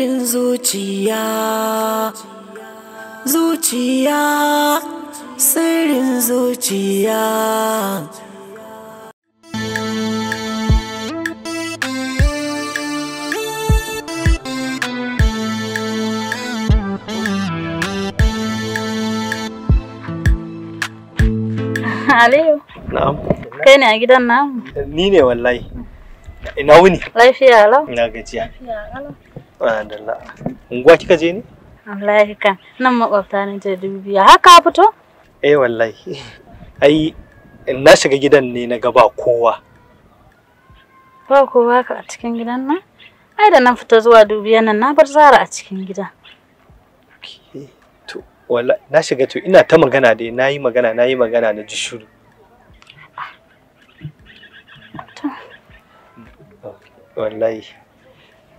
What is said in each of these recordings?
sirrin zuciya zuciya sirrin zuciya Aliyu. Na'am. Kai ne a gidan namu? Ni ne wallahi. Ina wuni? Lafiya lau. Ina gajiya. Lafiya lau. Alhamdulillah. Unguwa kika je ne? Wallahi kan nan makwabta na je dubiya. Haka fito? Eh wallahi. Ai na shiga gidan ne na gaba kowa. Ba kowa ka a cikin gidan nan? Ai da nan fita zuwa dubiya nan na bar Zara a cikin gida. To wala na shiga to ina ta magana dai nayi magana nayi magana na ji shiru. Ah. Wallahi.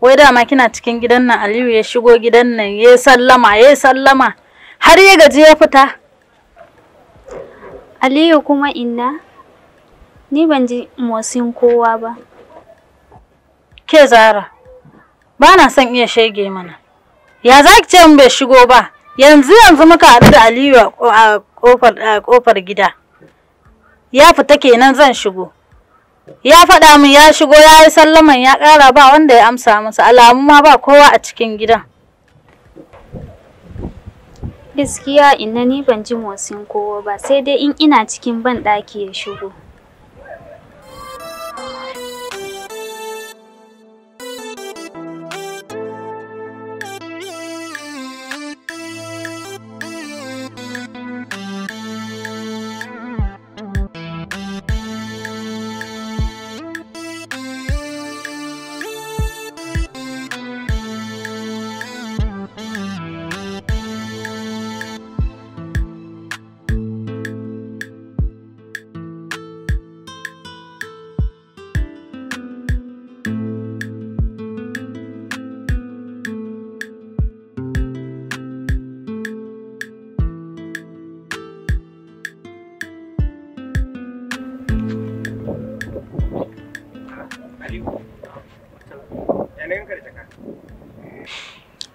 wai dama kina cikin gidan nan Aliyu ya shigo gidan nan ya sallama ya sallama har ya gaji ya fita Aliyu kuma inna ni ban ji motsin kowa ba ke Zara ba na son iya shege mana ya za ki ce mun bai shigo ba yanzu yanzu muka haɗu da Aliyu a kofar gida ya fita kenan zan shigo ya faɗa min ya shigo ya yi sallaman ya ƙara ba wanda ya amsa masa alamu ma ba kowa a cikin gidan gaskiya inna ni ban ji motsin kowa ba sai dai in ina cikin ban ɗaki ya shigo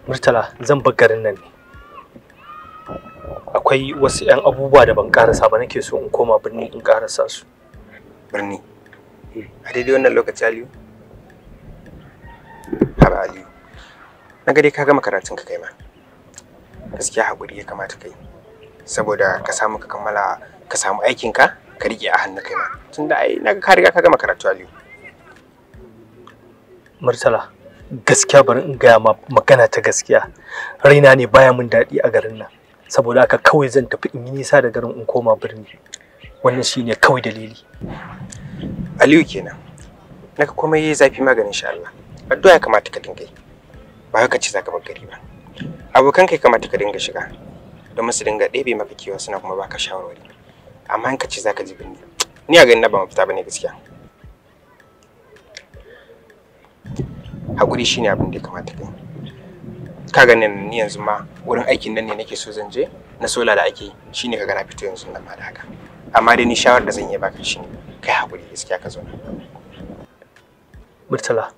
Murtala zan bar garin nan ne. Akwai wasu 'yan abubuwa da ban karasa ba nake so in koma birni in karasa su. Birni? Hmm. A daidai wannan lokaci Aliyu? Haba Aliyu. Na dai ka gama karatun ka kai ma. Gaskiya haƙuri ya kamata kai. Saboda ka samu ka kammala ka samu aikinka ka riƙe a hannu kai ma. Tunda ai na ka riga ka gama karatu Aliyu. Murtala. gaskiya bari in gaya ma magana ta gaskiya raina ne baya min daɗi a garin nan saboda haka kawai zan tafi in yi nisa da garin in koma birni wannan shine kawai dalili Aliyu kenan naka komai yayi zafi maganin sha Allah addu'a ya kamata ka dinga yi ba haka ce zaka bar gari ba abokan kai kamata ka dinga shiga don su dinga ɗebe maka kewa suna kuma baka shawarwari amma in ka ce zaka ji birni ni a ganin na ba fita bane gaskiya haƙuri shine abin da ya kamata ka yi. ka ga ni yanzu ma wurin aikin nan ne nake so zan je na sola da ake shine ka na fito yanzu nan ma da haka amma dai ni shawar da zan yi baka shine kai haƙuri gaskiya ka zauna murtala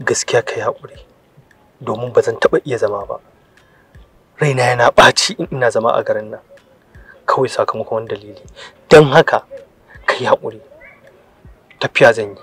gaskiya kai haƙuri domin ba zan taɓa iya zama ba raina yana ɓaci in ina zama a garin nan kawai sakamakon dalili don haka ka yi haƙuri tafiya zan yi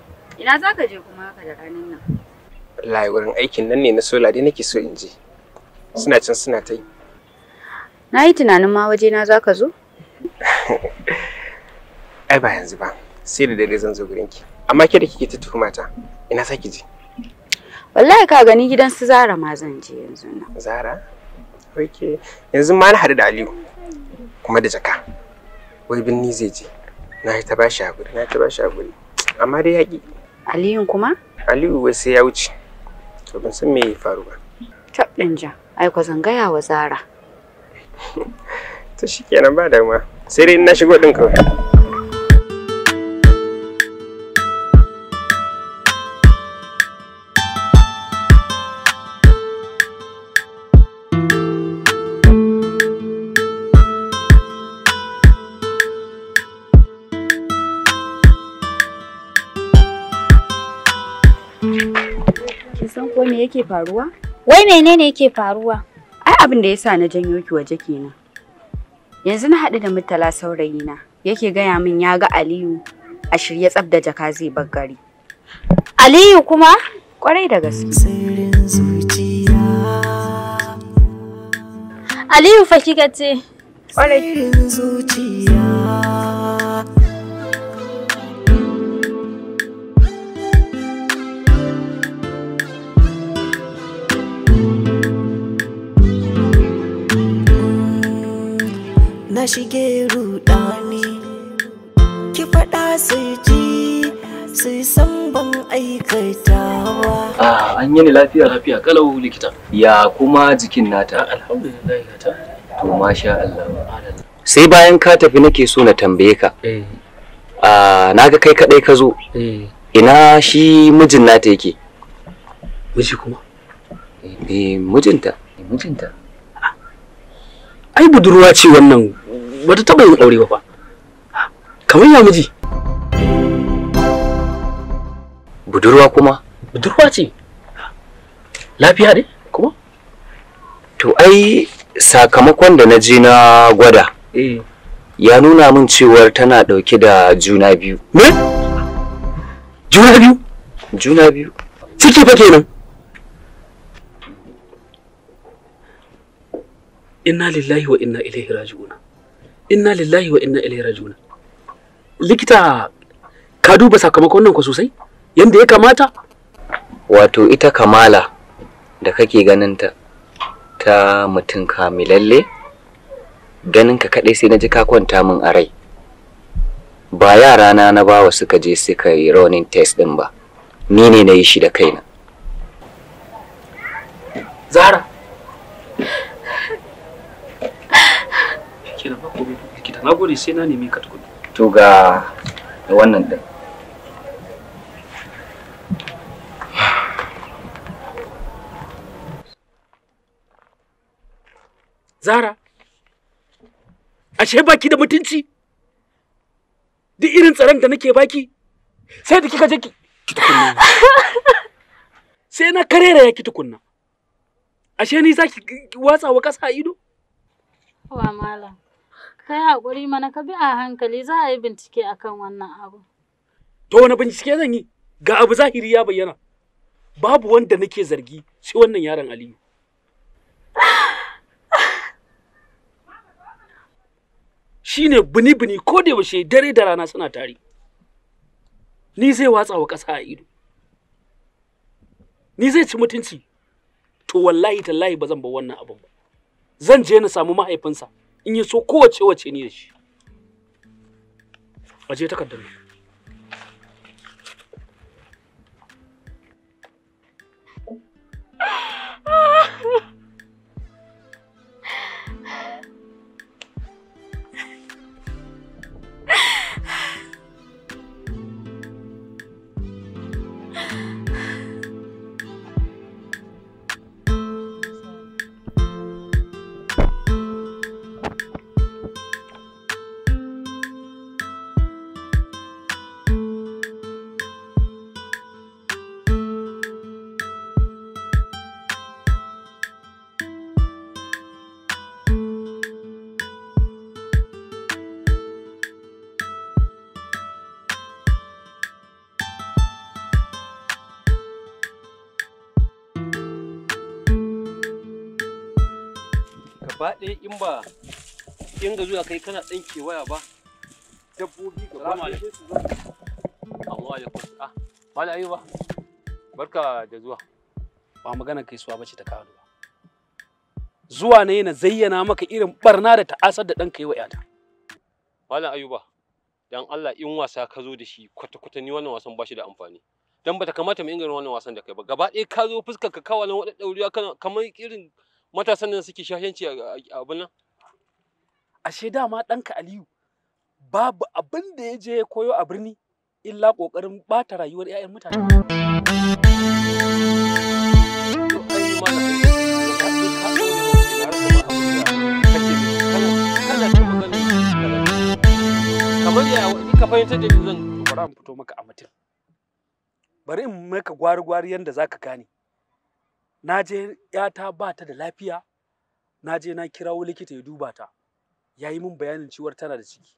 Ina za ka je kuma haka da ranar nan? Wallahi wurin aikin nan ne na sola dai nake so in je. Suna can suna ta yi. Na yi tunanin ma waje na za ka zo? Ai ba yanzu ba, sai da dare zan zo gurin ki. Amma ke da kike ta tuhuma ta, ina za ki je? Wallahi ka gani gidan su Zara ma zan je yanzu nan. Zara? Oke, yanzu ma na haɗu da Aliyu kuma da jaka. Wai binni zai je. Na yi ta bashi hakuri, na yi ta bashi hakuri. Amma dai yaƙi. Aliyun kuma? Aliyu bai sai ya wuce. To ban san me ya faru ba. Tab din ja. Ai ku zangaya wa Zara. to shikenan ba damuwa. Sai dai na shigo din kawai. yake faruwa? Wai menene yake faruwa? Ai abin da yasa na janyo ki waje kenan. Yanzu na haɗu da Murtala saurayina yake gaya min ya ga Aliyu a shirye tsaf da jaka zai bar gari. Aliyu kuma kwarai da gaske. Aliyu fa kika ce. Kwarai. na shige rudani ki faɗa su ji su san ban aikatawa ah an yi ni lafiya lafiya kalau likita ya kuma jikin nata alhamdulillah ta to masha Allah sai bayan ka tafi nake so na tambaye ka eh ah kai kadai ka zo eh ina shi mijin nata yake miji kuma eh mijinta eh, mijinta ai budurwa ce wannan wata ta taɓa yin aure ba fa kamar ya miji budurwa kuma budurwa ce lafiya ne kuma to ai sakamakon da na je na gwada eh. ya nuna min cewar tana ɗauke da juna biyu me juna biyu juna biyu ciki fa kenan inna lillahi wa inna ilaihi raji'una inna lillahi wa inna ilaihi raji'una likita ka duba sakamakon nan ku sosai yanda ya kamata wato ita kamala da kake ganin ta ta mutum kamilalle ganin ka kadai sai na ji ka kwanta min a rai ba yara na na bawa suka je suka yi running test din ba ni ne na yi shi da kaina zara kenan ba komai likita na gode sai na nemi ka tukuna to ga wannan din Zara, ashe baki da mutunci? Duk irin tsaron da nake baki, sai da kika je ki tukunna. Sai na karera ya ki tukunna. Ashe ni za ki watsa wa ƙasa ido? Wa malam. Kai hakuri mana ka bi a hankali za a yi bincike akan wannan abu. To wani bincike zan yi? Ga abu zahiri ya bayyana. Babu wanda nake zargi sai wannan yaron Aliyu. Shi ne bini-bini ko da yaushe dare da rana suna tare. Ni zai watsa wa ƙasa a ido. Ni zai ci mutunci. To wallahi tallahi ba zan bar wannan abin ba. Zan je na samu mahaifinsa. in ya so kowace wace ne da shi aje takardar gaba ɗaya in ba in ga zuwa kai kana ɗan kewaya ba dabbobi gaba ɗaya su zama alaikum ah mala ayuba barka da zuwa ba magana kai suwa bace ta kawo zuwa ne na zayyana maka irin barna da ta'asar da ɗanka yi wa yata malam ayuba dan Allah in wasa ka zo da shi kwata-kwata ni wannan wasan ba shi da amfani dan bata kamata mu inganta wannan wasan da kai ba gaba ɗaya ka zo fuskar ka kawalan wadda dauriya kana kamar irin matasan da suke shashanci a abin nan ashe dama ɗanka aliyu babu abin da ya je ya koyo a birni illa ƙoƙarin ɓata rayuwar 'ya'yan mutane kamar ya ka fahimtar da zan fara fito maka a mutum bari in maka gwari-gwari yadda za ka gane na je yata ba ta da lafiya na je na kirawo likita ya duba ta ya yi min bayanin cewar tana da ciki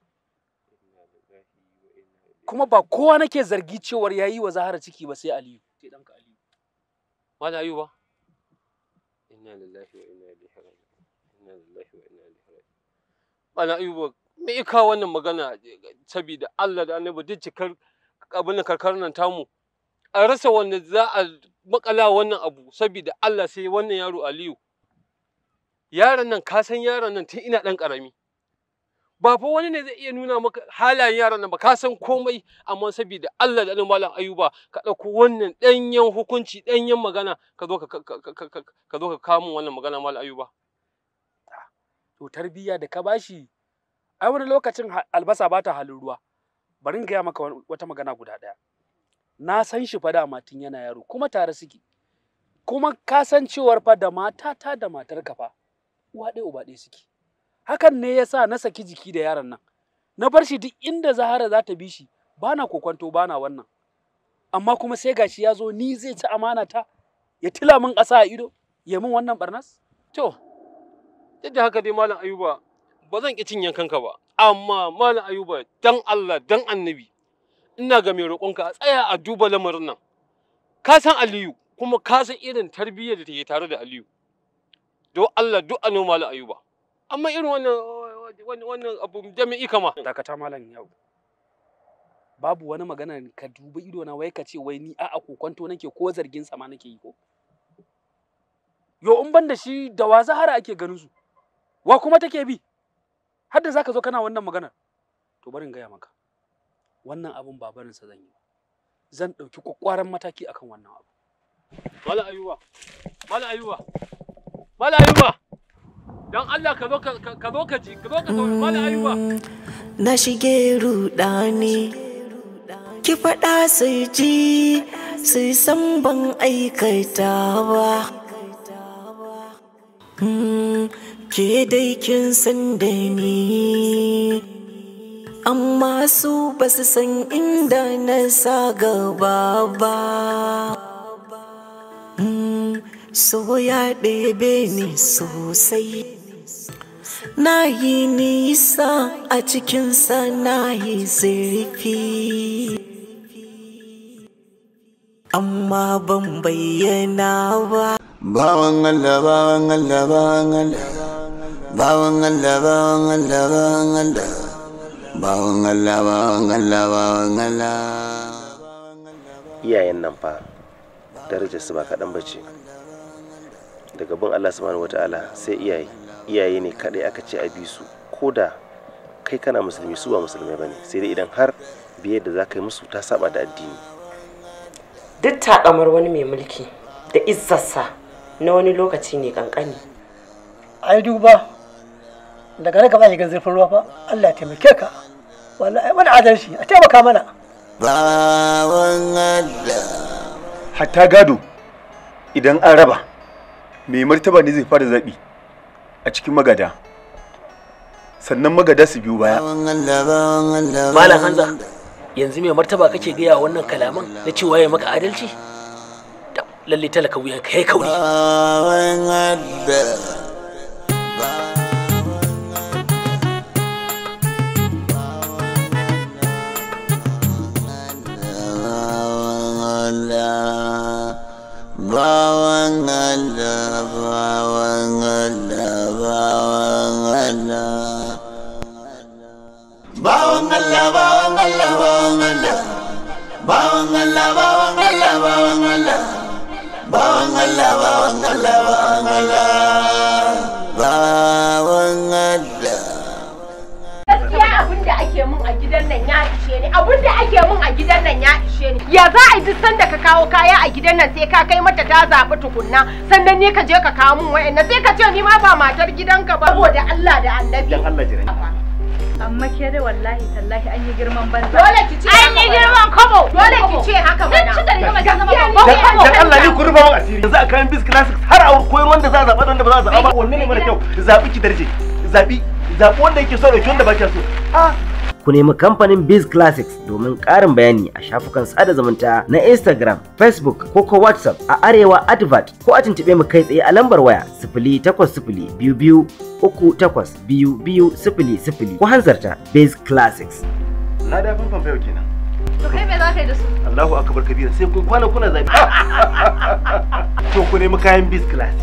kuma ba kowa nake zargi cewar ya yi wa zahara ciki ba sai aliyu sai ɗanka aliyu ma da ayuba inna lillahi wa inna ilaihi raji'un inna lillahi wa inna ilaihi raji'un mala ayuba me ya wannan magana saboda Allah da Annabi duk cikar abin karkar nan tamu a rasa wanda za a makala wannan abu saboda Allah sai wannan yaro Aliyu yaron nan ka san yaron nan tun ina dan karami ba fa wani ne zai iya nuna maka halayen yaron nan ba ka san komai amma saboda Allah da malam Ayuba ka dauko wannan danyen hukunci danyen magana ka zo ka ka zo ka kamo wannan magana malam Ayuba to tarbiyya da ka bashi ai wani lokacin albasa ba ta halin ruwa bari in gaya maka wata magana guda daya na san shi fa matin yana yaro kuma tare suke kuma kasancewar fa da matata da matar fa uwa ɗaya uba ɗaya suke hakan ne yasa na saki jiki da yaron nan na bar shi duk inda zahara za ta bi shi bana kokwanto bana wannan amma kuma sai gashi ya zo ni zai ci amana ta ya tila min ƙasa a ido ya min wannan barnas to duk da haka dai malam ayuba ba zan ƙi cinyen kanka ba amma malam ayuba dan Allah dan annabi ina ga mai roƙonka a tsaya a duba lamarin nan ka san aliyu kuma ka san irin tarbiyyar da take tare da aliyu don allah duk a noma la ayuba amma irin wannan wannan abu jami'i kama dakata malam yau babu wani magana ka duba ido na wai ka ce wai ni a'a kokonto nake ko zargin sama nake yi ko yo in ban da shi da wa zahara ake ganin su wa kuma take bi har da zaka zo kana wannan maganar to barin gaya maka wannan abun ba barinsa zan yi zan ɗauki kwakwaran mataki akan wannan abu mala ayuba mala ayuba mala ayuba don Allah ka zo ka zo ka ji ka zo ka zo mala ayuba mm, na shige rudani ki faɗa su ji su san ban aikata ba mm, ke dai kin san da ni amma su ba su san inda na sa gaba ba mm, so ya ɗebe ni sosai na yi nisa a cikinsa na yi zurfi amma ban bayyana ba bawan Allah bawan Allah bawan Allah bawan Allah bawan Allah bawan Allah iyayen nan fa darajar su ba kaɗan bace daga bin Allah subhanahu wata'ala sai iyaye iyaye ne kaɗai aka ce a bi su ko da kai kana musulmi su ba musulmai ne sai dai idan har biye da za ka yi musu ta saba da addini duk takamar wani mai mulki da izzarsa na wani lokaci ne kankani ai duba daga nan ka ba zurfin ruwa ba Allah ya taimake ka wallahi mana adalci a taimaka mana bawan Allah hatta gado idan an raba mai martaba ne zai fara zabi a cikin magada sannan magada su biyu baya malam hanza yanzu mai martaba kake gaya wannan kalaman na cewa ya maka adalci lalle talaka wuyan ka ya kauri Allah bawan Allah bawan Allah bawan Allah bawan Allah bawan Allah bawan Allah gaskiya abin da ake mun a gidan nan ya ishe ni abin da ake mun a gidan nan ya ishe ni ya za a yi duk sanda ka kawo kaya a gidan nan sai ka kai mata ta zaɓi tukunna sannan ne ka je ka kawo mun wa'annan sai ka ce ni ma ba matar gidanka ba saboda Allah da annabi dan Allah amma ke dai wallahi tallahi an yi girman banza dole ki ce an yi girman kobo dole ki ce haka mana sun ci da rigama ta zama kobo da Allah ni ku rufa mun asiri yanzu a kan bis classic har a koyar wanda za a zaba wanda ba za a zaba ba wanne ne mara kyau zabi ki darje zabi zabi wanda yake so da wanda ba kya so ah ku nemi kamfanin Biz Classics domin ƙarin bayani a shafukan sada zumunta na Instagram, Facebook ko ko WhatsApp a Arewa Advert ko a tuntube mu kai tsaye a lambar waya 0800 takwas sifili biyu ko hanzarta Biz Classics. Na da fanfan fayo kenan. To kai me za ka yi da su? Allahu akbar kabira sai kun kwana kuna zabi. To ku nemi kayan Biz Classics.